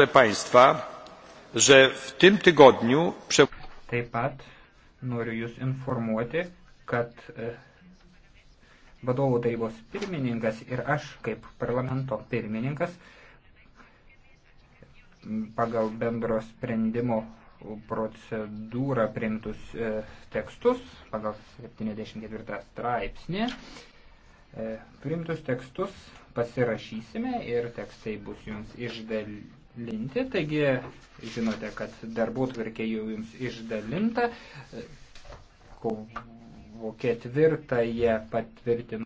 Taip pat noriu Jūs informuoti, kad e, vadovų tarybos pirmininkas ir aš kaip parlamento pirmininkas pagal bendro sprendimo procedūrą priimtus e, tekstus, pagal 74 straipsnį, e, priimtus tekstus pasirašysime ir tekstai bus jums išdalinti. Taigi, žinote, kad darbų tvarkė jau jums išdalinta. Kovo ketvirtąją patvirtinu.